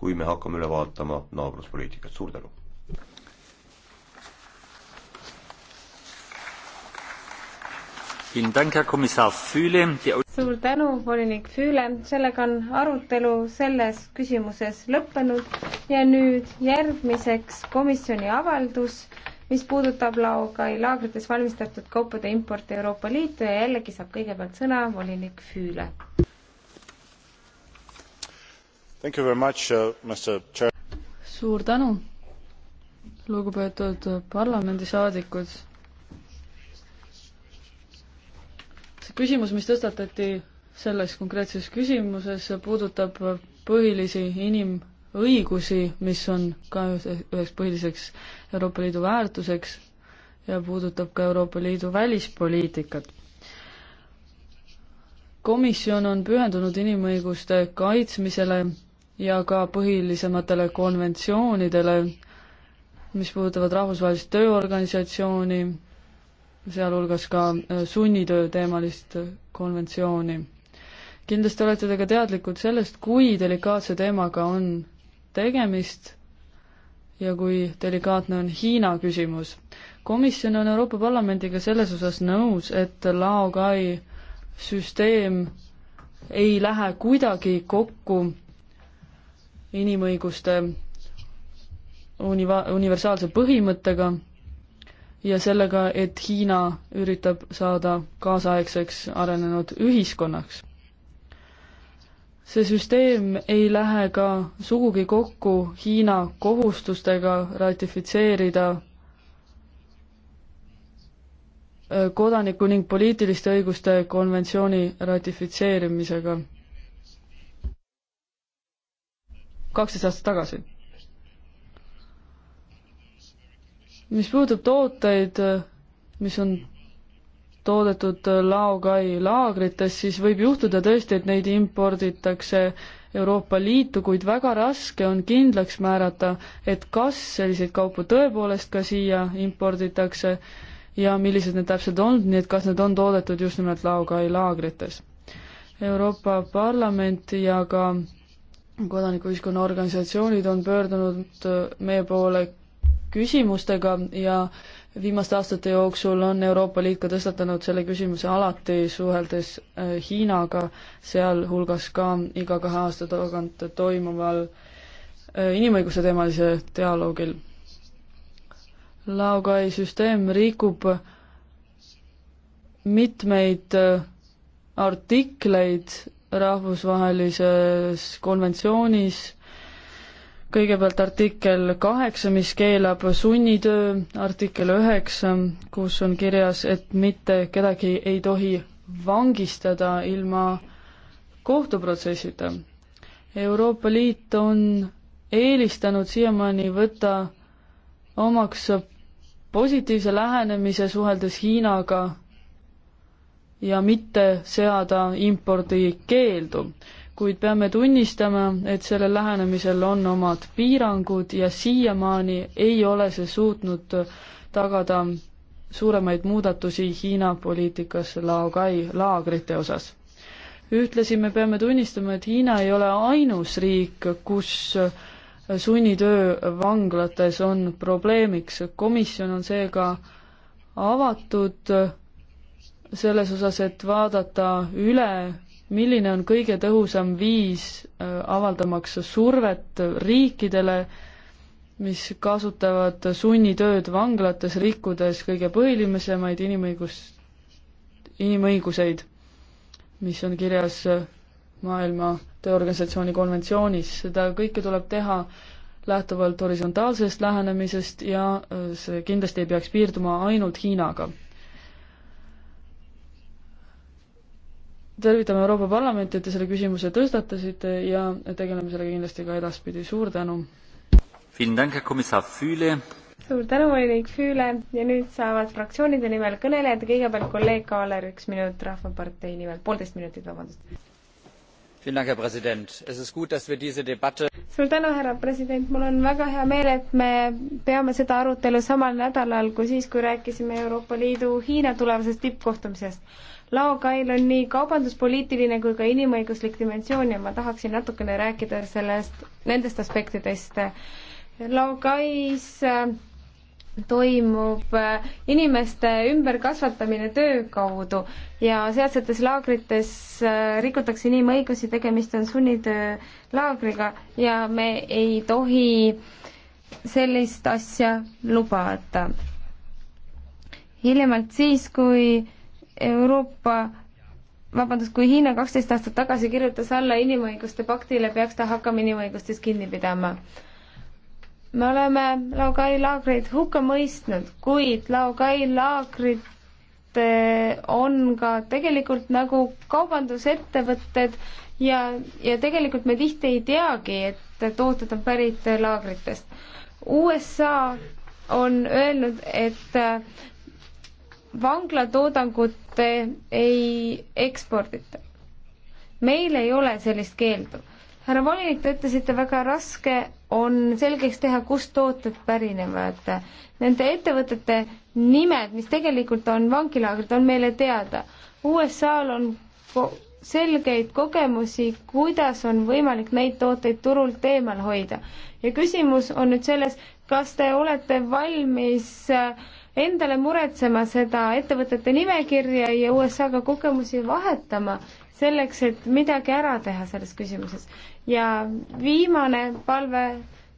kui me hakkame üle vaatama naabruspoliitikat, suur tänu! suur tänu, volinik Füüle, sellega on arutelu selles küsimuses lõppenud ja nüüd järgmiseks komisjoni avaldus, mis puudutab laokai laagrites valmistatud kaupade importi Euroopa Liitu ja jällegi saab kõigepealt sõna volinik Füüle. Uh, suur tänu, lugupeetud parlamendisaadikud. see küsimus, mis tõstatati selles konkreetses küsimuses, puudutab põhilisi inimõigusi, mis on ka üheks põhiliseks Euroopa Liidu väärtuseks ja puudutab ka Euroopa Liidu välispoliitikat komisjon on pühendunud inimõiguste kaitsmisele ja ka põhilisematele konventsioonidele, mis puudutavad rahvusvahelist tööorganisatsiooni, sealhulgas ka äh, sunnitöö teemalist konventsiooni. kindlasti olete te ka teadlikud sellest, kui delikaatse teemaga on tegemist ja kui delikaatne on Hiina küsimus. komisjon on Euroopa Parlamendiga selles osas nõus, et Laogai süsteem ei lähe kuidagi kokku inimõiguste univa-, universaalse põhimõttega ja sellega, et Hiina üritab saada kaasaegseks arenenud ühiskonnaks. see süsteem ei lähe ka sugugi kokku Hiina kohustustega ratifitseerida äh, kodaniku ning poliitiliste õiguste konventsiooni ratifitseerimisega kaksteist aastat tagasi. mis puudutab tooteid, mis on toodetud laokai laagrites, siis võib juhtuda tõesti, et neid imporditakse Euroopa Liitu, kuid väga raske on kindlaks määrata, et kas selliseid kaupu tõepoolest ka siia imporditakse ja millised need täpselt on, nii et kas need on toodetud just nimelt laokai laagrites. Euroopa Parlament ja ka kodanikuühiskonna organisatsioonid on pöördunud äh, meie poole küsimustega ja viimaste aastate jooksul on Euroopa Liit ka tõstatanud selle küsimuse alati, suheldes äh, Hiinaga, sealhulgas ka iga kahe aasta tagant toimuval äh, inimõiguse teemalise dialoogil. Laogai süsteem rikub mitmeid artikleid rahvusvahelises konventsioonis, kõigepealt artikkel kaheksa, mis keelab sunnitöö, artikkel üheksa, kus on kirjas, et mitte kedagi ei tohi vangistada ilma kohtuprotsessita. Euroopa Liit on eelistanud siiamaani võtta omaks positiivse lähenemise suheldes Hiinaga ja mitte seada impordikeeldu. kuid peame tunnistama, et sellel lähenemisel on omad piirangud ja siiamaani ei ole see suutnud tagada suuremaid muudatusi Hiina poliitikas Laogai laagrite osas. ühtlasi me peame tunnistama, et Hiina ei ole ainus riik, kus sunnitöö vanglates on probleemiks. komisjon on seega avatud selles osas, et vaadata üle, milline on kõige tõhusam viis äh, avaldamaks survet riikidele, mis kasutavad sunnitööd vanglates, rikkudes kõige põhilisemaid inimõigus, inimõiguseid, mis on kirjas äh, Maailma Tööorganisatsiooni konventsioonis, seda kõike tuleb teha lähtuvalt horisontaalsest lähenemisest ja äh, see kindlasti ei peaks piirduma ainult Hiinaga tervitame Euroopa Parlamenti, et te selle küsimuse tõstatasite ja tegeleme sellega kindlasti ka edaspidi, suur tänu! suur tänu, volinik Füüle ja nüüd saavad fraktsioonide nimel kõnelejad, kõigepealt kolleeg Kaaler, üks minut Rahvapartei nimel, poolteist minutit, vabandust herr präsident! es ist gut dass wir diese debatte. mul on väga hea meel et me peame seda arutelu samal nädalal kui siis kui rääkisime euroopa liidu hiina tulevasest tippkohtumisest. laokail on nii kaubanduspoliitiline kui ka inimõiguslik dimensioon ja ma tahaksin natukene rääkida sellest nendest aspektidest. laokais äh, toimub äh, inimeste ümberkasvatamine töö kaudu ja sealsetes laagrites äh, rikutakse inimõigusi, tegemist on sunnitöölaagriga ja me ei tohi sellist asja lubada. hiljemalt siis, kui Euroopa vabandust, kui Hiina kaksteist aastat tagasi kirjutas alla inimõiguste paktile, peaks ta hakkama inimõigustest kinni pidama me oleme Laogai laagrid hukka mõistnud, kuid Laogai laagrid eh, on ka tegelikult nagu kaubandusettevõtted ja, ja tegelikult me tihti ei teagi, et tooted on pärit laagritest. USA on öelnud, et eh, vanglatoodangut ei ekspordita. meil ei ole sellist keeldu härra volinik, te ütlesite, väga raske on selgeks teha, kust tooted pärinevad. Nende ettevõtete nimed, mis tegelikult on vangilaagrid, on meile teada. USA-l on ko selgeid kogemusi, kuidas on võimalik neid tooteid turult eemal hoida. ja küsimus on nüüd selles, kas te olete valmis äh, endale muretsema seda ettevõtete nimekirja ja USA-ga kogemusi vahetama selleks, et midagi ära teha selles küsimuses. ja viimane palve,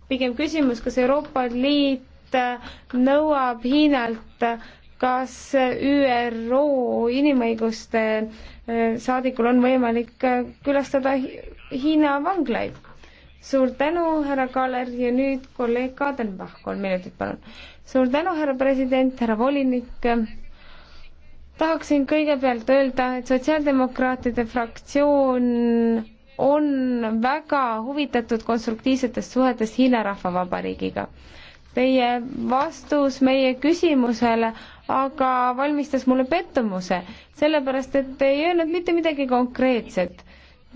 pigem küsimus, kas Euroopa Liit äh, nõuab Hiinalt äh, kas ÜRO inimõiguste äh, saadikul on võimalik külastada Hiina vanglaid? suur tänu, härra Kaller ja nüüd kolleeg Kadenbach, kolm minutit palun. suur tänu, härra president, härra volinik tahaksin kõigepealt öelda, et Sotsiaaldemokraatide fraktsioon on väga huvitatud konstruktiivsetest suhetest Hiina Rahvavabariigiga. Teie vastus meie küsimusele aga valmistas mulle pettumuse, sellepärast et te ei öelnud mitte midagi konkreetset.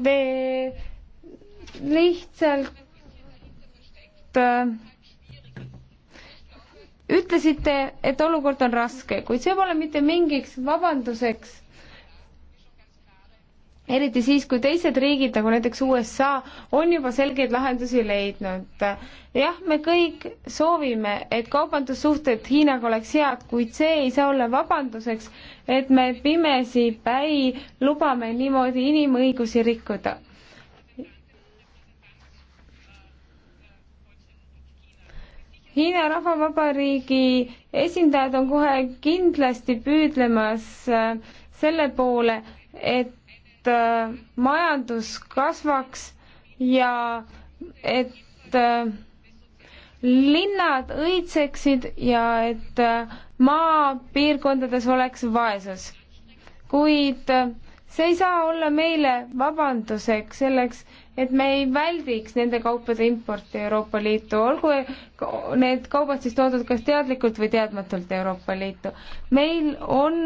Te lihtsalt äh, ütlesite, et olukord on raske, kuid see pole mitte mingiks vabanduseks, eriti siis, kui teised riigid, nagu näiteks USA, on juba selgeid lahendusi leidnud. jah, me kõik soovime, et kaubandussuhted Hiinaga oleks head, kuid see ei saa olla vabanduseks, et me pimesi päi lubame niimoodi inimõigusi rikkuda Hiina Rahvavabariigi esindajad on kohe kindlasti püüdlemas äh, selle poole, et äh, majandus kasvaks ja et äh, linnad õitseksid ja et maapiirkondades oleks vaesus. kuid see ei saa olla meile vabanduseks selleks, et me ei väldiks nende kaupade importi Euroopa Liitu, olgu need kaubad siis toodud kas teadlikult või teadmatult Euroopa Liitu. meil on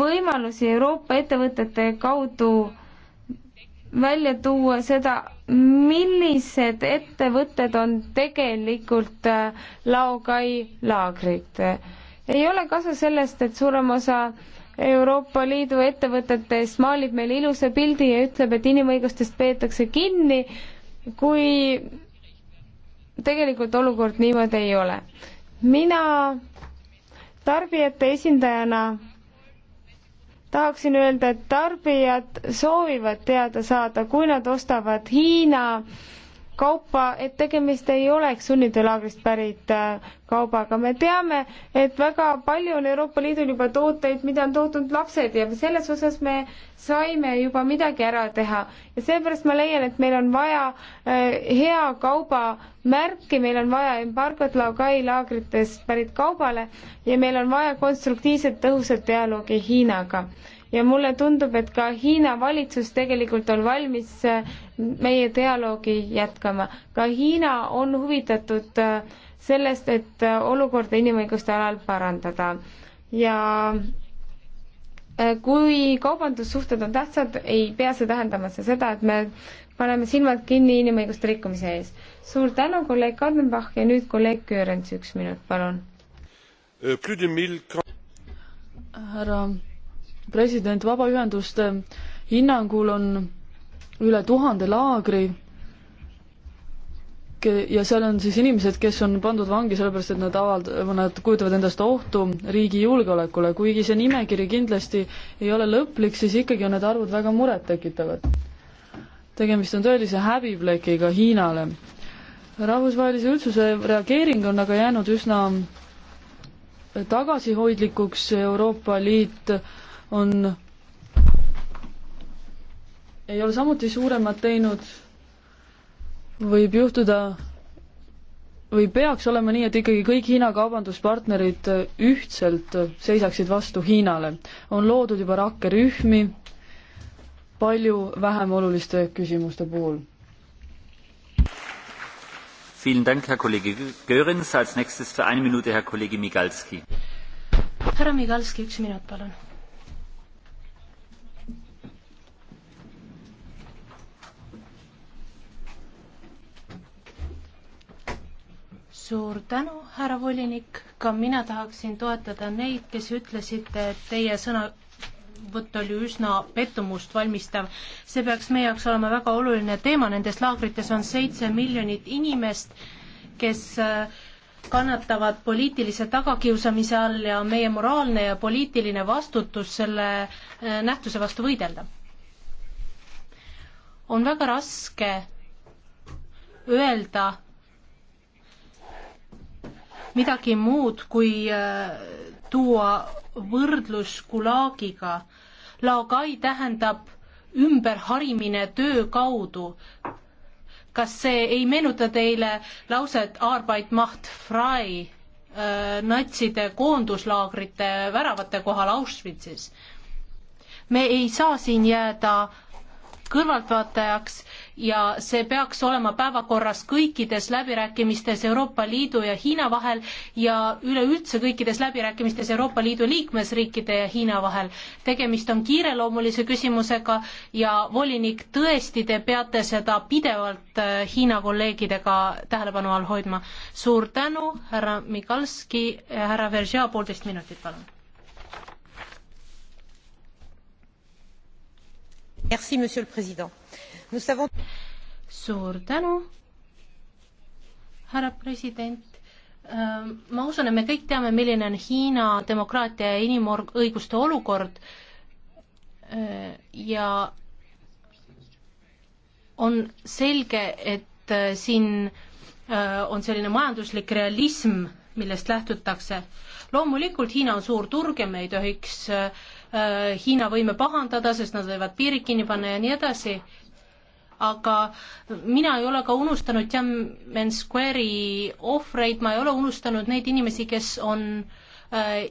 võimalusi Euroopa ettevõtete kaudu välja tuua seda, millised ettevõtted on tegelikult äh, laokai laagrid. ei ole kasu sellest, et suurem osa äh, Euroopa Liidu ettevõtetest maalib meile ilusa pildi ja ütleb, et inimõigustest peetakse kinni, kui tegelikult olukord niimoodi ei ole. mina tarbijate esindajana tahaksin öelda, et tarbijad soovivad teada saada, kui nad ostavad Hiina äh, kaupa, et tegemist ei oleks sunnitöölaagrist pärit äh, kaubaga. me teame, et väga palju on Euroopa Liidul juba tooteid, mida on tootnud lapsed ja selles osas me saime juba midagi ära teha. ja seepärast ma leian, et meil on vaja äh, hea kaubamärki, meil on vaja embargot Laogai laagritest pärit kaubale ja meil on vaja konstruktiivset tõhusat dialoogi Hiinaga ja mulle tundub, et ka Hiina valitsus tegelikult on valmis äh, meie dialoogi jätkama. ka Hiina on huvitatud äh, sellest, et äh, olukorda inimõiguste alal parandada ja kui kaubandussuhted on tähtsad, ei pea see tähendama see seda, et me paneme silmad kinni inimõiguste rikkumise ees. suur tänu, kolleeg Kadenbach ja nüüd kolleeg Köörents, üks minut, palun. härra president, vabaühenduste hinnangul on üle tuhande laagri ja seal on siis inimesed, kes on pandud vangi sellepärast, et nad avald-, nad kujutavad endast ohtu riigi julgeolekule, kuigi see nimekiri kindlasti ei ole lõplik, siis ikkagi on need arvud väga murettekitavad. tegemist on tõelise häbiplekiga Hiinale. rahvusvahelise üldsuse reageering on aga jäänud üsna tagasihoidlikuks, Euroopa Liit äh, on, ei ole samuti suuremat teinud, võib juhtuda või peaks olema nii, et ikkagi kõik Hiina kaubanduspartnerid ühtselt seisaksid vastu Hiinale. on loodud juba rakkerühmi palju vähem oluliste küsimuste puhul. härra Migalski, üks minut, palun suur tänu, härra volinik, ka mina tahaksin toetada neid, kes ütlesid, et teie sõnavõtt oli üsna pettumust valmistav. see peaks meie jaoks olema väga oluline teema, nendes laagrites on seitse miljonit inimest, kes äh, kannatavad poliitilise tagakiusamise all ja meie moraalne ja poliitiline vastutus selle äh, nähtuse vastu võidelda. on väga raske öelda, midagi muud, kui äh, tuua võrdlus Gulagiga. Laogai tähendab ümberharimine töö kaudu. kas see ei meenuta teile lauset Arbeit macht frei äh, natside koonduslaagrite väravate kohal Auschwitzis? me ei saa siin jääda kõrvaltvaatajaks ja see peaks olema päevakorras kõikides läbirääkimistes Euroopa Liidu ja Hiina vahel ja üleüldse kõikides läbirääkimistes Euroopa Liidu liikmesriikide ja Hiina vahel. tegemist on kiireloomulise küsimusega ja volinik, tõesti, te peate seda pidevalt äh, Hiina kolleegidega tähelepanu all hoidma. suur tänu, härra Mikalski, härra Veržea, poolteist minutit, palun Merci, monsieur le président suur tänu, härra president ähm, ma usun, et me kõik teame, milline on Hiina demokraatia ja inimõiguste olukord äh, ja on selge, et äh, siin äh, on selline majanduslik realism, millest lähtutakse. loomulikult Hiina on suur turg ja me ei tohiks Hiina võime pahandada, sest nad võivad piirid kinni panna ja nii edasi, aga mina ei ole ka unustanud Tiananmen Square'i ohvreid, ma ei ole unustanud neid inimesi, kes on äh,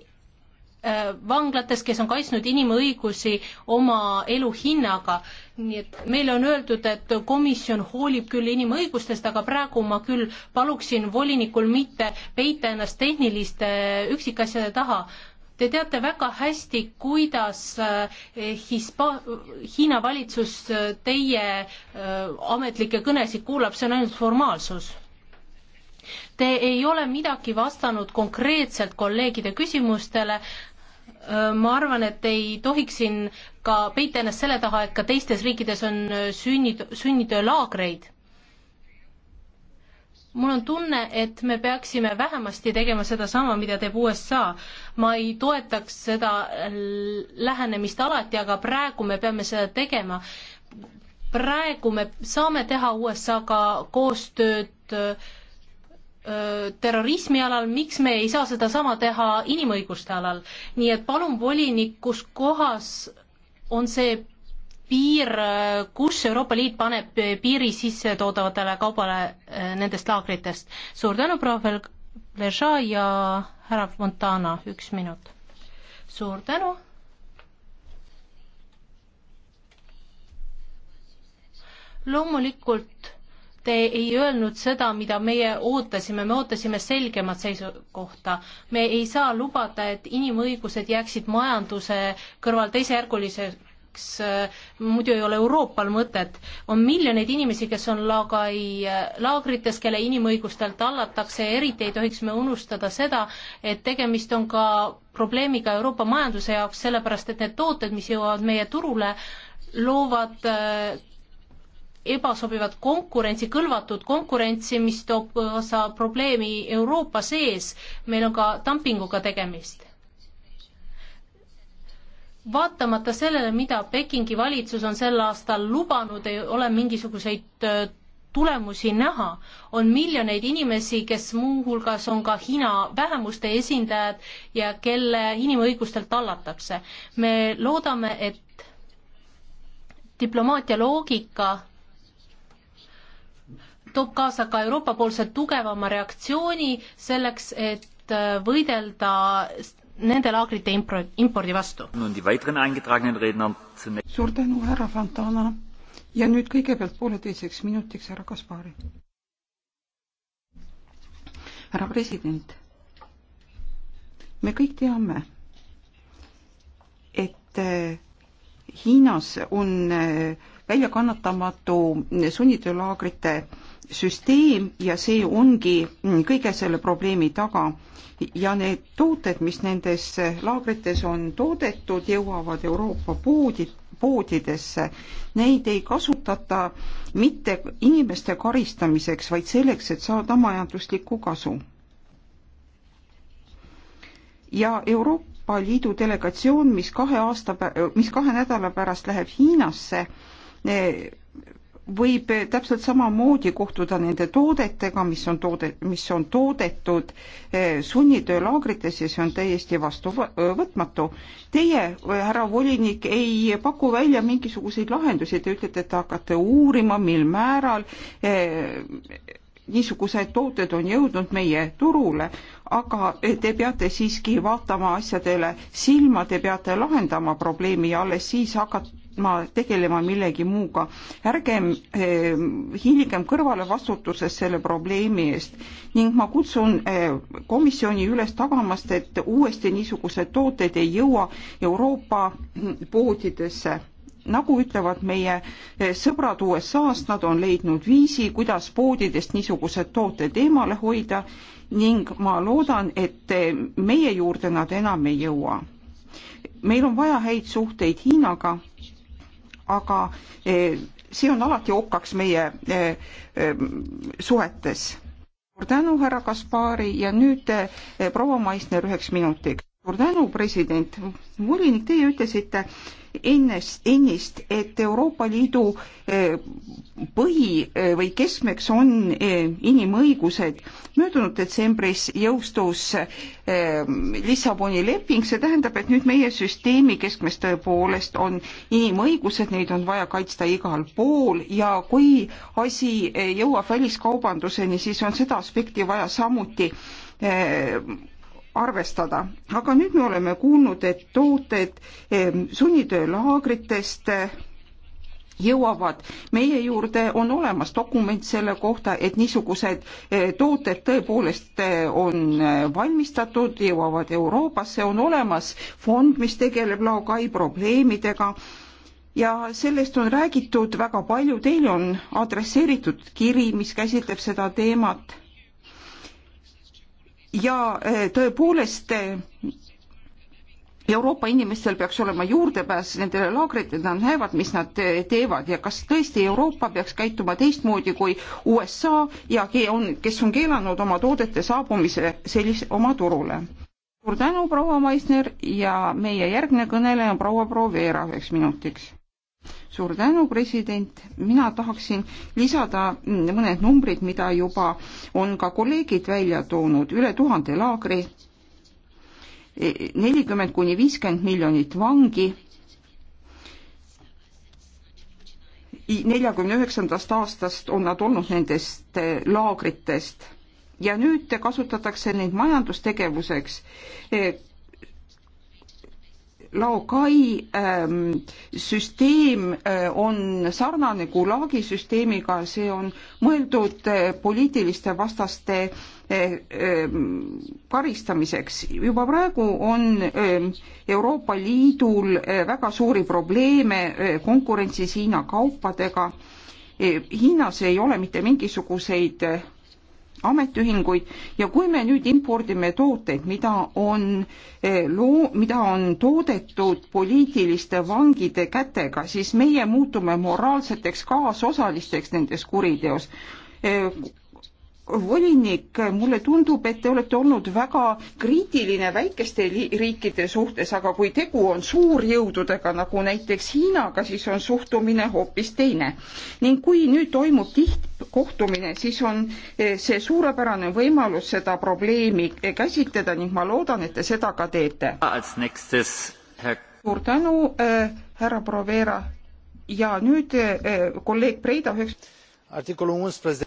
äh, vanglates, kes on kaitsnud inimõigusi oma elu hinnaga. nii et meile on öeldud, et komisjon hoolib küll inimõigustest, aga praegu ma küll paluksin volinikul mitte peita ennast tehniliste üksikasjade taha Te teate väga hästi, kuidas eh, Hispa-, Hiina valitsus eh, teie eh, ametlikke kõnesid kuulab, see on ainult formaalsus Te ei ole midagi vastanud konkreetselt kolleegide küsimustele. ma arvan, et ei tohiks siin ka peita ennast selle taha, et ka teistes riikides on sünni, sünnitöölaagreid mul on tunne, et me peaksime vähemasti tegema sedasama, mida teeb USA. ma ei toetaks seda lähenemist alati, aga praegu me peame seda tegema. praegu me saame teha USA-ga koostööd terrorismi alal, miks me ei saa sedasama teha inimõiguste alal. nii et palun volinik, kus kohas on see piir, kus Euroopa Liit paneb piiri sisse toodavatele kaubale eh, nendest laagritest. suur tänu, proua Velža ja härra Fontana, üks minut. suur tänu. loomulikult te ei öelnud seda, mida meie ootasime, me ootasime selgemat seisukohta. me ei saa lubada, et inimõigused jääksid majanduse kõrval teisejärguliseks miks äh, muidu ei ole Euroopal mõtet. on miljoneid inimesi, kes on lagai äh, laagrites, kelle inimõigustelt tallatakse ja eriti ei tohiks me unustada seda, et tegemist on ka probleemiga Euroopa majanduse jaoks, sellepärast et need tooted, mis jõuavad meie turule, loovad äh, ebasobivat konkurentsi, kõlvatud konkurentsi, mis toob kaasa probleemi Euroopa sees. meil on ka dumpinguga tegemist vaatamata sellele, mida Pekingi valitsus on sel aastal lubanud, ei ole mingisuguseid äh, tulemusi näha, on miljoneid inimesi, kes muuhulgas on ka Hiina vähemuste esindajad ja kelle inimõigustelt tallatakse. me loodame, et diplomaatia loogika toob kaasa ka Euroopa-poolse tugevama reaktsiooni selleks, et äh, võidelda nende laagrite impordi vastu. suur tänu, härra Fontana ja nüüd kõigepealt pooleteiseks minutiks härra Kaspari. härra president, me kõik teame, et äh, Hiinas on äh, väljakannatamatu sunnitöölaagrite süsteem ja see ongi mm, kõige selle probleemi taga. ja need tooted, mis nendes laagrites on toodetud, jõuavad Euroopa poodi, poodidesse. Neid ei kasutata mitte inimeste karistamiseks, vaid selleks, et saada majanduslikku kasu. ja Euroopa Liidu delegatsioon, mis kahe aasta, mis kahe nädala pärast läheb Hiinasse, eh, võib täpselt samamoodi kohtuda nende toodetega, mis on toode, mis on toodetud eh, sunnitöölaagrites ja see on täiesti vastuvõtmatu. Teie, härra volinik, ei paku välja mingisuguseid lahendusi, te ütlete, et te hakkate uurima, mil määral eh, niisugused tooted on jõudnud meie turule, aga eh, te peate siiski vaatama asjadele silma, te peate lahendama probleemi ja alles siis hakata ma tegelema millegi muuga. ärgem eh, hiiligem kõrvale vastutusest selle probleemi eest ning ma kutsun eh, komisjoni üles tagamast, et uuesti niisugused tooted ei jõua Euroopa mm, poodidesse nagu ütlevad meie eh, sõbrad USA-st, nad on leidnud viisi, kuidas poodidest niisugused tooted eemale hoida ning ma loodan, et eh, meie juurde nad enam ei jõua. meil on vaja häid suhteid Hiinaga aga e, see on alati okkaks meie e, e, suhetes. suur tänu, härra Kaspari ja nüüd proua Maisner üheks minutiks. suur tänu, president. volinik, teie ütlesite, ennast, ennist, et Euroopa Liidu eh, põhi eh, või keskmeks on eh, inimõigused. möödunud detsembris jõustus Lissaboni leping, see tähendab, et nüüd meie süsteemi keskmes tõepoolest on inimõigused, neid on vaja kaitsta igal pool ja kui asi jõuab väliskaubanduseni, siis on seda aspekti vaja samuti arvestada. aga nüüd me oleme kuulnud, et tooted eh, sunnitöölaagritest eh, jõuavad meie juurde, on olemas dokument selle kohta, et niisugused eh, tooted tõepoolest on valmistatud, jõuavad Euroopasse, on olemas fond, mis tegeleb laokai probleemidega ja sellest on räägitud väga palju, teile on adresseeritud kiri, mis käsitleb seda teemat ja eh, tõepoolest eh, Euroopa inimestel peaks olema juurdepääs nendele laagritele, nad näevad, mis nad eh, teevad ja kas tõesti Euroopa peaks käituma teistmoodi kui USA ja on, kes on keelanud oma toodete saabumise sellise oma turule. suur tänu, proua Maisner ja meie järgmine kõneleja on proua Provera üheks minutiks suur tänu, president, mina tahaksin lisada mõned numbrid, mida juba on ka kolleegid välja toonud, üle tuhande laagri, nelikümmend kuni viiskümmend miljonit vangi neljakümne üheksandast aastast on nad olnud nendest eh, laagritest ja nüüd kasutatakse neid majandustegevuseks. Eh, Laokai ähm, süsteem äh, on sarnane Gulagi süsteemiga, see on mõeldud äh, poliitiliste vastaste äh, äh, karistamiseks. juba praegu on äh, Euroopa Liidul äh, väga suuri probleeme äh, konkurentsis Hiina kaupadega äh,. Hiinas ei ole mitte mingisuguseid äh, ametiühinguid ja kui me nüüd impordime tooteid, mida on eh, loo-, mida on toodetud poliitiliste vangide kätega, siis meie muutume moraalseteks kaasosalisteks nendes kuriteos eh, volinik, mulle tundub, et te olete olnud väga kriitiline väikeste riikide suhtes, aga kui tegu on suurjõududega, nagu näiteks Hiinaga, siis on suhtumine hoopis teine. ning kui nüüd toimub tihtkohtumine, siis on eh, see suurepärane võimalus seda probleemi eh, käsitleda ning ma loodan, et te seda ka teete. suur tänu äh,, härra Provera ja nüüd äh, kolleeg Preida üheks artikolul unsprezece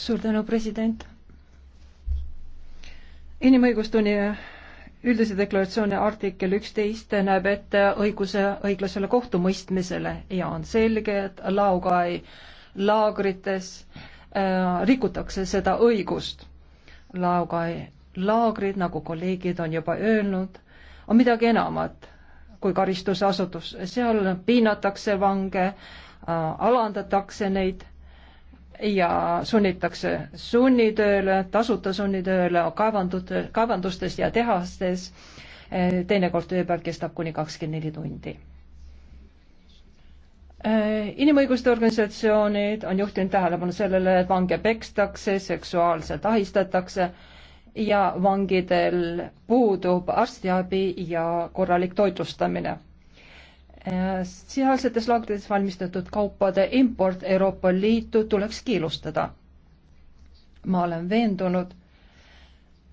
suur tänu, president. inimõigustuni üldise deklaratsiooni artikkel üksteist näeb ette õiguse õiglasele kohtumõistmisele ja on selge, et Laogai laagrites äh, rikutakse seda õigust. Laogai laagrid, nagu kolleegid on juba öelnud, on midagi enamat kui karistusasutus, seal piinatakse vange äh,, alandatakse neid ja sunnitakse sunnitööle, tasuta sunnitööle kaevandute, kaevandustes ja tehastes. teinekord tööpäev kestab kuni kakskümmend neli tundi. inimõiguste organisatsioonid on juhtinud tähelepanu sellele, et vange pekstakse, seksuaalselt ahistatakse ja vangidel puudub arstiabi ja korralik toitlustamine sealsetes laagrites valmistatud kaupade import Euroopa Liitu tuleks keelustada. ma olen veendunud,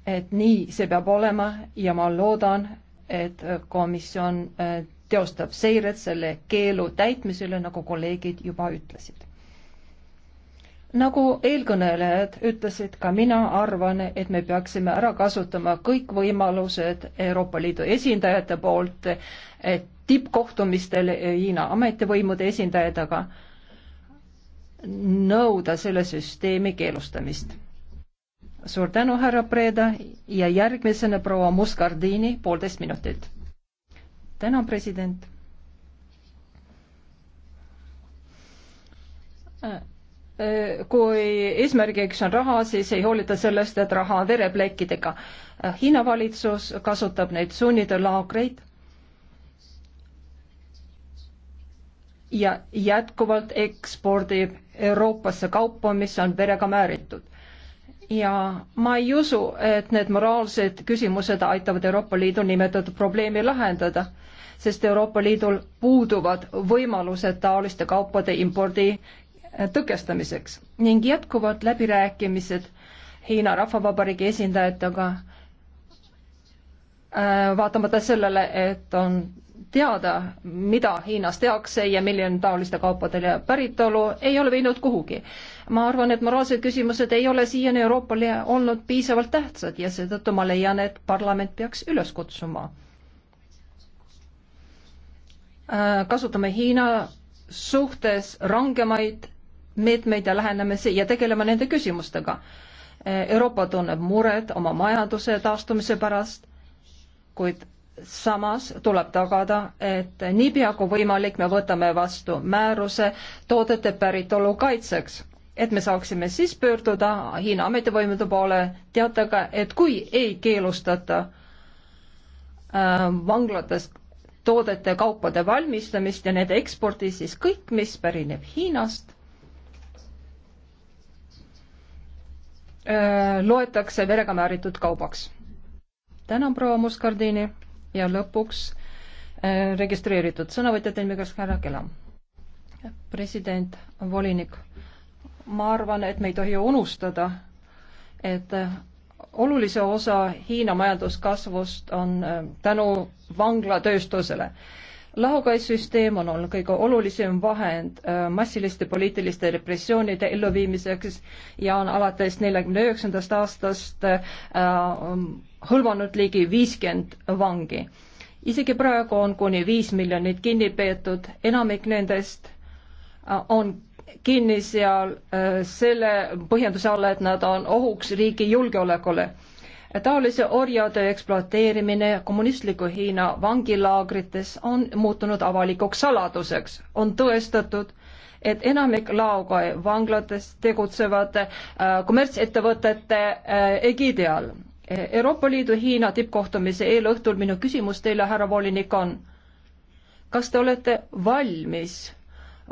et nii see peab olema ja ma loodan, et komisjon äh, teostab seiret selle keelu täitmisele, nagu kolleegid juba ütlesid. nagu eelkõnelejad ütlesid, ka mina arvan, et me peaksime ära kasutama kõik võimalused Euroopa Liidu esindajate poolt, et tippkohtumistel Hiina ametivõimude esindajatega nõuda selle süsteemi keelustamist. suur tänu, härra Preda ja järgmisena proua Muscardini, poolteist minutit. tänan, president. kui eesmärgiks on raha, siis ei hoolita sellest, et raha on vereplekkidega. Hiina valitsus kasutab neid sunnitelaagreid ja jätkuvalt ekspordib Euroopasse kaupa, mis on verega määritud. ja ma ei usu, et need moraalsed küsimused aitavad Euroopa Liidu nimetatud probleemi lahendada, sest Euroopa Liidul puuduvad võimalused taoliste kaupade impordi eh, tõkestamiseks ning jätkuvad läbirääkimised Hiina Rahvavabariigi esindajatega, eh, vaatamata sellele, et on teada, mida Hiinas tehakse ja milline on taoliste kaupadele päritolu, ei ole viinud kuhugi. ma arvan, et moraalsed küsimused ei ole siiani Euroopale olnud piisavalt tähtsad ja seetõttu ma leian, et parlament peaks üles kutsuma äh, kasutame Hiina suhtes rangemaid meetmeid ja läheneme ja tegeleme nende küsimustega. Äh, Euroopa tunneb muret oma majanduse taastumise pärast, kuid samas tuleb tagada, et niipea kui võimalik, me võtame vastu määruse toodete päritolu kaitseks, et me saaksime siis pöörduda Hiina ametivõimude poole teatega, et kui ei keelustata äh, vanglates toodete, kaupade valmistamist ja nende eksporti, siis kõik, mis pärineb Hiinast äh,, loetakse verega määritud kaubaks. tänan, proua Muskardini ja lõpuks äh, registreeritud sõnavõtjad, enne kas härra Kelam. president, volinik, ma arvan, et me ei tohi unustada, et äh, olulise osa Hiina majanduskasvust on äh, tänu vanglatööstusele. lahukaitsesüsteem on olnud kõige olulisem vahend äh, massiliste poliitiliste repressioonide elluviimiseks ja on alates neljakümne üheksandast aastast äh, hõlvanud ligi viiskümmend vangi. isegi praegu on kuni viis miljonit kinni peetud, enamik nendest äh, on kinni seal äh, selle põhjenduse alla, et nad on ohuks riigi julgeolekule. taolise orjade ekspluateerimine kommunistliku Hiina vangilaagrites on muutunud avalikuks saladuseks, on tõestatud, et enamik Laogai vanglates tegutsevad äh, kommertsettevõtete äh, egiidi all Euroopa Liidu Hiina tippkohtumise eelõhtul minu küsimus teile, härra volinik, on kas te olete valmis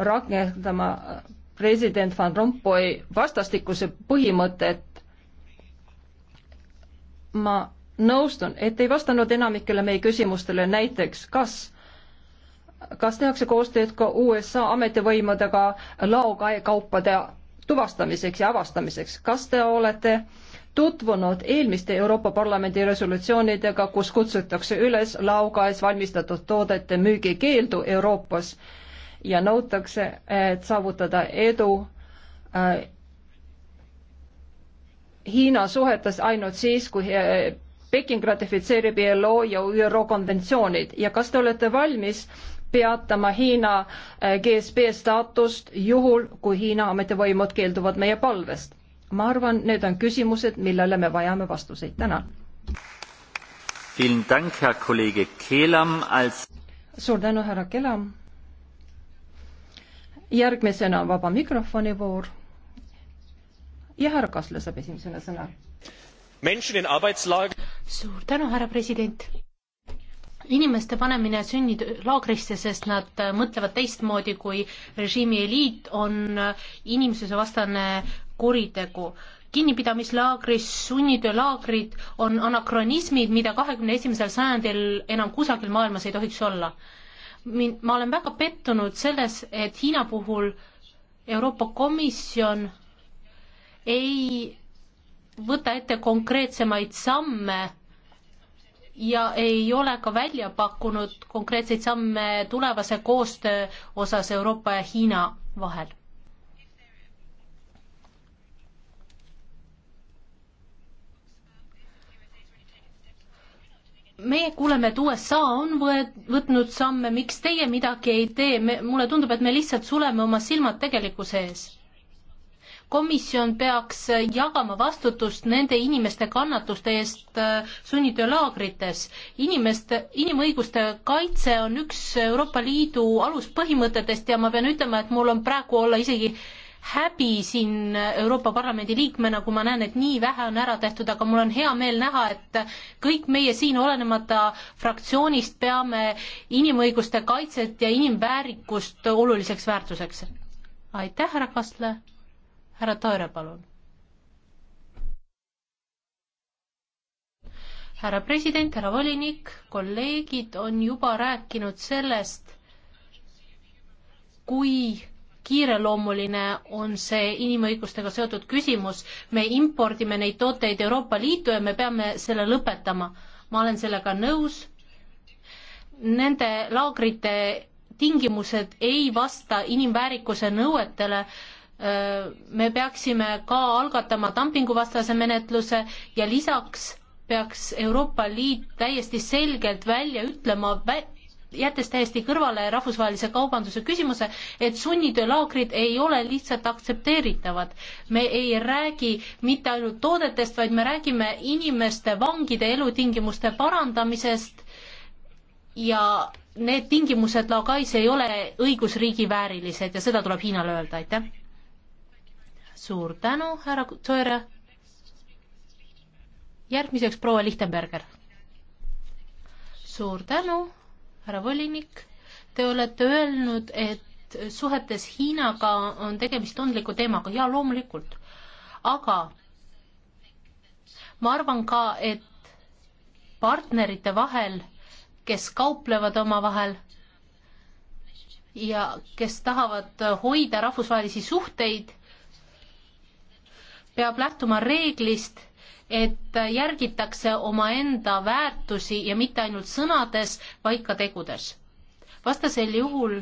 rakendama president Van Rompuy vastastikuse põhimõtet? ma nõustun, et ei vastanud enamikele meie küsimustele, näiteks kas, kas tehakse koostööd ka USA ametivõimudega laokaekaupade tuvastamiseks ja avastamiseks, kas te olete äh, tutvunud eelmiste Euroopa Parlamendi resolutsioonidega, kus kutsutakse üles laugaes valmistatud toodete müügikeeldu Euroopas ja nõutakse, et saavutada edu äh, Hiina suhetes ainult siis, kui äh, Peking ratifitseerib ILO ja ÜRO konventsioonid ja kas te olete valmis peatama Hiina äh, GSP staatust juhul, kui Hiina ametivõimud keelduvad meie palvest? ma arvan, need on küsimused, millele me vajame vastuseid. tänan. suur tänu, härra Kelam. järgmisena on vaba mikrofoni voor. ja härra Kasle saab esimesena sõna. suur tänu, härra president inimeste panemine sünnilaagrisse, sest nad äh, mõtlevad teistmoodi kui režiimi eliit, on äh, inimsusevastane kuritegu. kinnipidamislaagris, sunnitöölaagrid on anakronismid, mida kahekümne esimesel sajandil enam kusagil maailmas ei tohiks olla. Min-, ma olen väga pettunud selles, et Hiina puhul Euroopa Komisjon ei võta ette konkreetsemaid samme ja ei ole ka välja pakkunud konkreetseid samme tulevase koostöö osas Euroopa ja Hiina vahel meie kuuleme, et USA on võet-, võtnud samme, miks teie midagi ei tee, me, mulle tundub, et me lihtsalt suleme oma silmad tegelikkuse ees. komisjon peaks äh, jagama vastutust nende inimeste kannatuste eest äh, sunnitöölaagrites. inimeste, inimõiguste kaitse on üks Euroopa Liidu aluspõhimõtetest ja ma pean ütlema, et mul on praegu olla isegi äh, häbi siin Euroopa Parlamendi liikmena, kui ma näen, et nii vähe on ära tehtud, aga mul on hea meel näha, et kõik meie siin, olenemata fraktsioonist, peame inimõiguste kaitset ja inimväärikust oluliseks väärtuseks. aitäh, härra Kastle. härra Toere, palun. härra president, härra volinik, kolleegid on juba rääkinud sellest, kui kiireloomuline on see inimõigustega seotud küsimus. me impordime neid tooteid Euroopa Liitu ja me peame selle lõpetama. ma olen sellega nõus. Nende laagrite tingimused ei vasta inimväärikuse nõuetele. me peaksime ka algatama dumpinguvastase menetluse ja lisaks peaks Euroopa Liit täiesti selgelt välja ütlema vä jättes täiesti kõrvale rahvusvahelise kaubanduse küsimuse, et sunnitöölaagrid ei ole lihtsalt aktsepteeritavad. me ei räägi mitte ainult toodetest, vaid me räägime inimeste, vangide elutingimuste parandamisest ja need tingimused Laogais ei ole õigusriigi väärilised ja seda tuleb Hiinale öelda, aitäh. suur tänu, härra Tsoere. järgmiseks proua Lichtenberger. suur tänu härra volinik, te olete öelnud, et suhetes Hiinaga on tegemist tundliku teemaga ja loomulikult, aga ma arvan ka, et partnerite vahel, kes kauplevad omavahel ja kes tahavad hoida rahvusvahelisi suhteid, peab lähtuma reeglist, et järgitakse omaenda väärtusi ja mitte ainult sõnades, vaid ka tegudes. vastasel juhul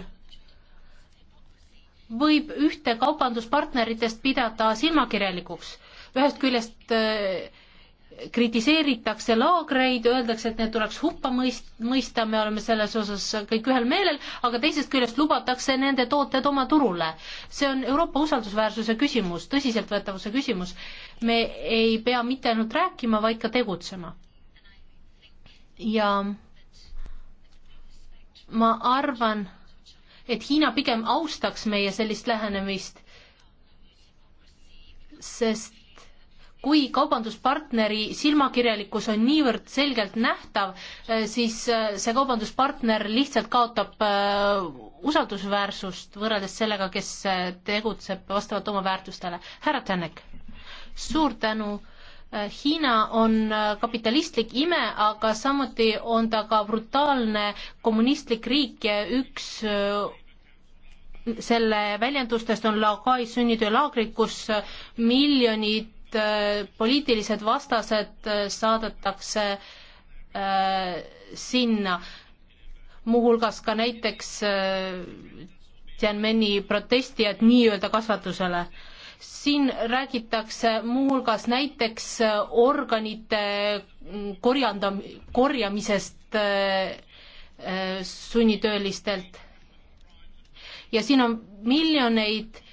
võib ühte kaubanduspartneritest pidada silmakirjalikuks. ühest küljest äh, kritiseeritakse laagreid, öeldakse, et need tuleks hukka mõist-, mõista, me oleme selles osas kõik ühel meelel, aga teisest küljest lubatakse nende tooted oma turule. see on Euroopa usaldusväärsuse küsimus, tõsiseltvõetavuse küsimus. me ei pea mitte ainult rääkima, vaid ka tegutsema. ja ma arvan, et Hiina pigem austaks meie sellist lähenemist, sest kui kaubanduspartneri silmakirjalikkus on niivõrd selgelt nähtav, eh, siis eh, see kaubanduspartner lihtsalt kaotab eh, usaldusväärsust võrreldes sellega, kes tegutseb vastavalt oma väärtustele. härra Tänek, suur tänu. Hiina on kapitalistlik ime, aga samuti on ta ka brutaalne kommunistlik riik ja üks selle väljendustest on Laogai sünnitöölaagrid, kus miljonid et äh, poliitilised vastased äh, saadetakse äh, sinna, muuhulgas ka näiteks Tianmeni protestijad nii-öelda kasvatusele. siin räägitakse muuhulgas näiteks organite mm, korjandam-, korjamisest sunnitöölistelt. ja siin on miljoneid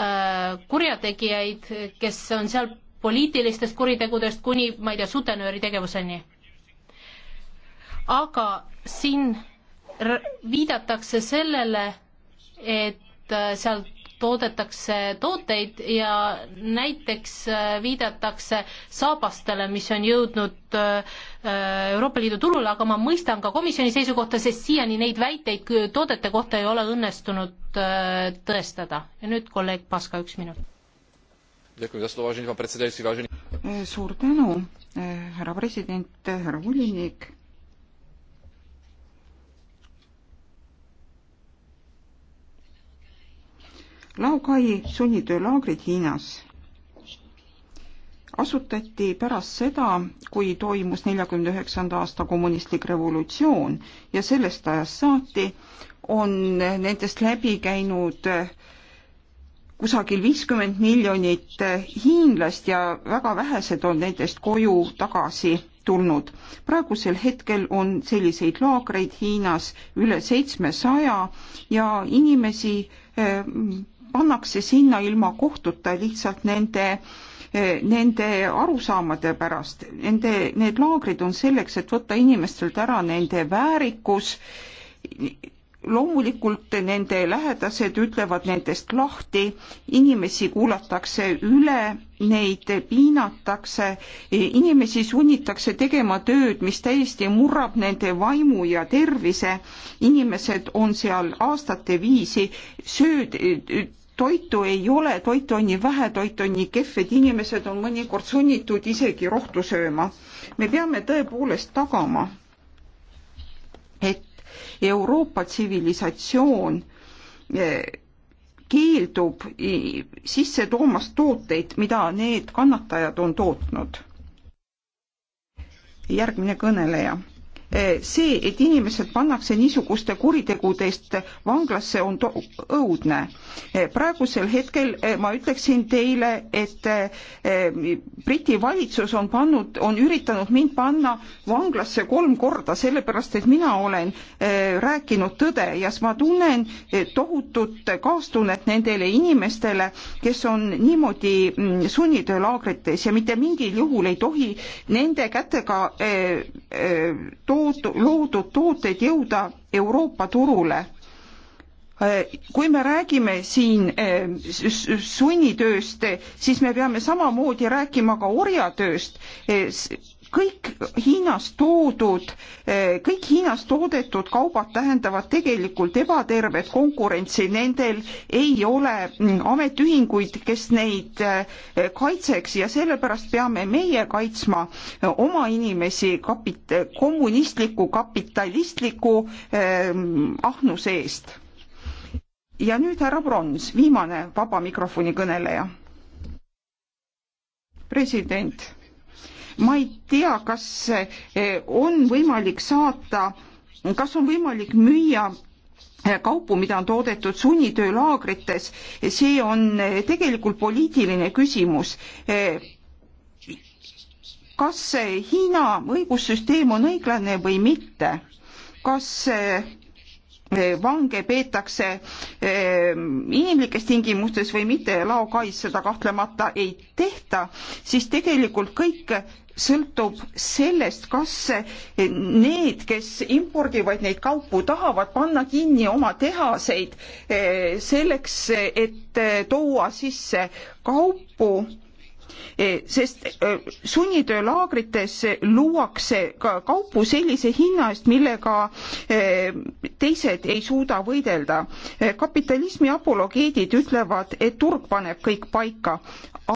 Äh, kurjategijaid, kes on seal poliitilistest kuritegudest kuni, ma ei tea, sutenööri tegevuseni. aga siin viidatakse sellele, et äh, seal toodetakse tooteid ja näiteks äh, viidatakse saabastele, mis on jõudnud äh, äh, Euroopa Liidu turule, aga ma mõistan ka komisjoni seisukohta, sest siiani neid väiteid toodete kohta ei ole õnnestunud tõestada. ja nüüd kolleeg Paska, üks minut. suur tänu, härra president, härra volinik Laokai sunnitöölaagrid Hiinas asutati pärast seda, kui toimus neljakümne üheksanda aasta kommunistlik revolutsioon ja sellest ajast saati on nendest läbi käinud kusagil viiskümmend miljonit hiinlast ja väga vähesed on nendest koju tagasi tulnud. praegusel hetkel on selliseid laagreid Hiinas üle seitsmesaja ja inimesi eh, pannakse sinna ilma kohtuta lihtsalt nende nende arusaamade pärast, nende, need laagrid on selleks, et võtta inimestelt ära nende väärikus, loomulikult nende lähedased ütlevad nendest lahti, inimesi kuulatakse üle, neid piinatakse, inimesi sunnitakse tegema tööd, mis täiesti murrab nende vaimu ja tervise. inimesed on seal aastate viisi sööd, toitu ei ole, toitu on nii vähe, toitu on nii kehv, et inimesed on mõnikord sunnitud isegi rohtu sööma. me peame tõepoolest tagama, et Euroopa tsivilisatsioon eh, keeldub sisse toomast tooteid, mida need kannatajad on tootnud. järgmine kõneleja Eh, see, et inimesed pannakse niisuguste kuritegude eest vanglasse, on õudne. Eh, praegusel hetkel eh, ma ütleksin teile, et Briti valitsus on pannud, on üritanud mind panna vanglasse kolm korda, sellepärast et mina olen rääkinud tõde ja ma tunnen tohutut kaastunnet nendele inimestele, kes on niimoodi mm, sunnitöölaagrites ja mitte mingil juhul ei tohi nende kätega too lood, loodud tooted jõuda Euroopa turule kui me räägime siin eh, sunnitööst, eh, siis me peame samamoodi rääkima ka orjatööst. Eh, kõik Hiinas toodud, kõik Hiinas toodetud kaubad tähendavad tegelikult ebatervet konkurentsi, nendel ei ole ametiühinguid, kes neid eh, kaitseks ja sellepärast peame meie kaitsma eh, oma inimesi kapit-, kommunistliku, kapitalistliku eh, ahnuse eest. ja nüüd härra Brons, viimane vaba mikrofoni kõneleja. president ma ei tea, kas eh, on võimalik saata, kas on võimalik müüa eh, kaupu, mida on toodetud sunnitöölaagrites, see on eh, tegelikult poliitiline küsimus. kas Hiina õigussüsteem on õiglane või mitte? kas vange peetakse inimlikes tingimustes või mitte ja laokais seda kahtlemata ei tehta, siis tegelikult kõik sõltub sellest, kas need, kes impordivad neid kaupu, tahavad panna kinni oma tehaseid eh, selleks, et eh, tuua sisse kaupu, eh, sest sunnitöölaagrites luuakse ka kaupu sellise hinna eest, millega teised ei suuda võidelda. kapitalismi apologeedid ütlevad, et turg paneb kõik paika,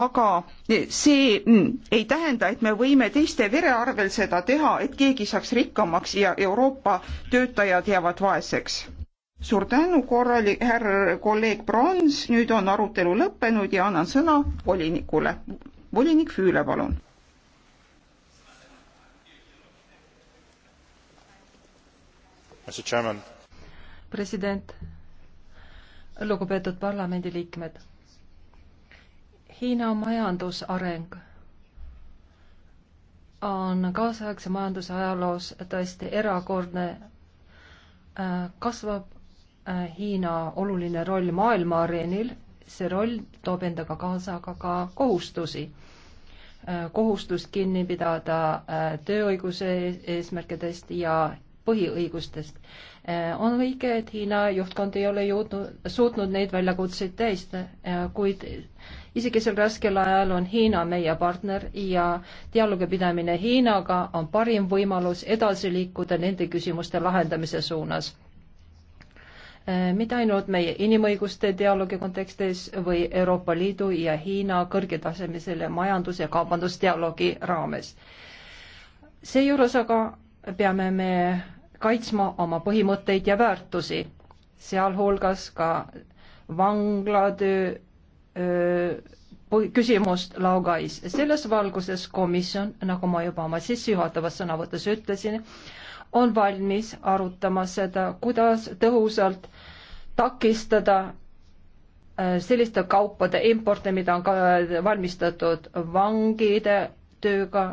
aga see mm, ei tähenda, et me võime teiste vere arvel seda teha, et keegi saaks rikkamaks ja Euroopa töötajad jäävad vaeseks. suur tänu, korrali-, härra kolleeg Brons, nüüd on arutelu lõppenud ja annan sõna volinikule. volinik Füüle, palun. president, lugupeetud parlamendiliikmed Hiina majandusareng on kaasaegse majanduse ajaloos tõesti erakordne, äh, kasvab äh, Hiina oluline roll maailma areenil, see roll toob endaga kaasa aga ka kohustusi. Äh, kohustust kinni pidada tööõiguse eesmärkidest ja põhiõigustest Äh, on õige, et Hiina juhtkond ei ole jõudnud, suutnud neid väljakutseid täista, äh, kuid isegi sel raskel ajal on Hiina meie partner ja dialoogi pidamine Hiinaga on parim võimalus edasi liikuda nende küsimuste lahendamise suunas äh, mitte ainult meie inimõiguste dialoogi kontekstis või Euroopa Liidu ja Hiina kõrgetasemelisele majandus- ja kaubandusdialoogi raames. seejuures aga peame me kaitsma oma põhimõtteid ja väärtusi, sealhulgas ka vanglatöö küsimust Laugais. selles valguses komisjon, nagu ma juba oma sissejuhatavas sõnavõtus ütlesin, on valmis arutama seda, kuidas tõhusalt takistada selliste kaupade importe, mida on ka valmistatud vangide tööga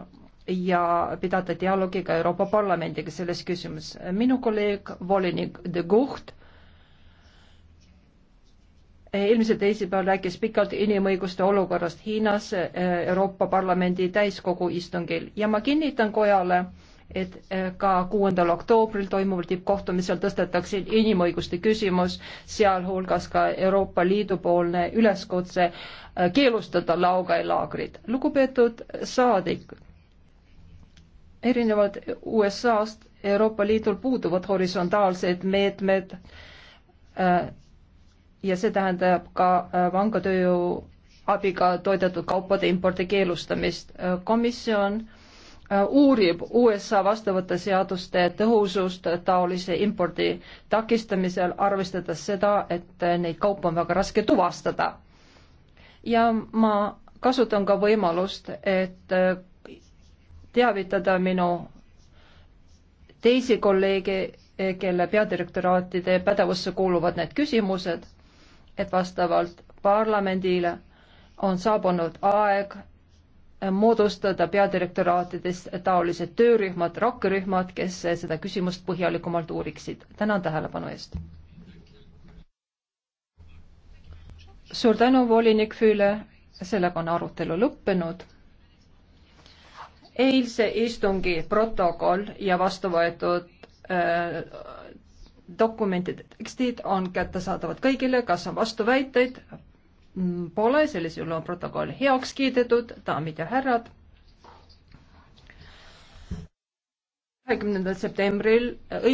ja pidada dialoogi ka Euroopa Parlamendiga selles küsimuses. minu kolleeg, volinik de Gucht, eelmisel teisipäeval rääkis pikalt inimõiguste olukorrast Hiinas eh, Euroopa Parlamendi täiskogu istungil ja ma kinnitan kojale, et eh, ka kuuendal oktoobril toimuval tippkohtumisel tõstetakse inimõiguste küsimus, sealhulgas ka Euroopa Liidu poolne üleskutse eh, keelustada laogai laagrid. lugupeetud saadik erinevalt USA-st Euroopa Liidul puuduvad horisontaalsed meetmed äh, ja see tähendab ka äh, vangatööjõu abiga toidetud kaupade impordi keelustamist. Äh, komisjon uurib USA vastavate seaduste tõhusust taolise impordi takistamisel, arvestades seda, et neid kaupa on väga raske tuvastada. ja ma kasutan ka võimalust, et teavitada minu teisi kolleege, kelle peadirektoraatide pädevusse kuuluvad need küsimused, et vastavalt parlamendile on saabunud aeg moodustada peadirektoraatides taolised töörühmad, rakkerühmad, kes seda küsimust põhjalikumalt uuriksid. tänan tähelepanu eest. suur tänu, volinik Füüle, sellega on arutelu lõppenud eilse istungi protokoll ja vastu võetud äh, dokumentide tekstid on kättesaadavad kõigile, kas on vastuväiteid, mm, pole, sellisel juhul on protokoll heaks kiidetud, daamid ja härrad. kahekümnendal septembril õigus-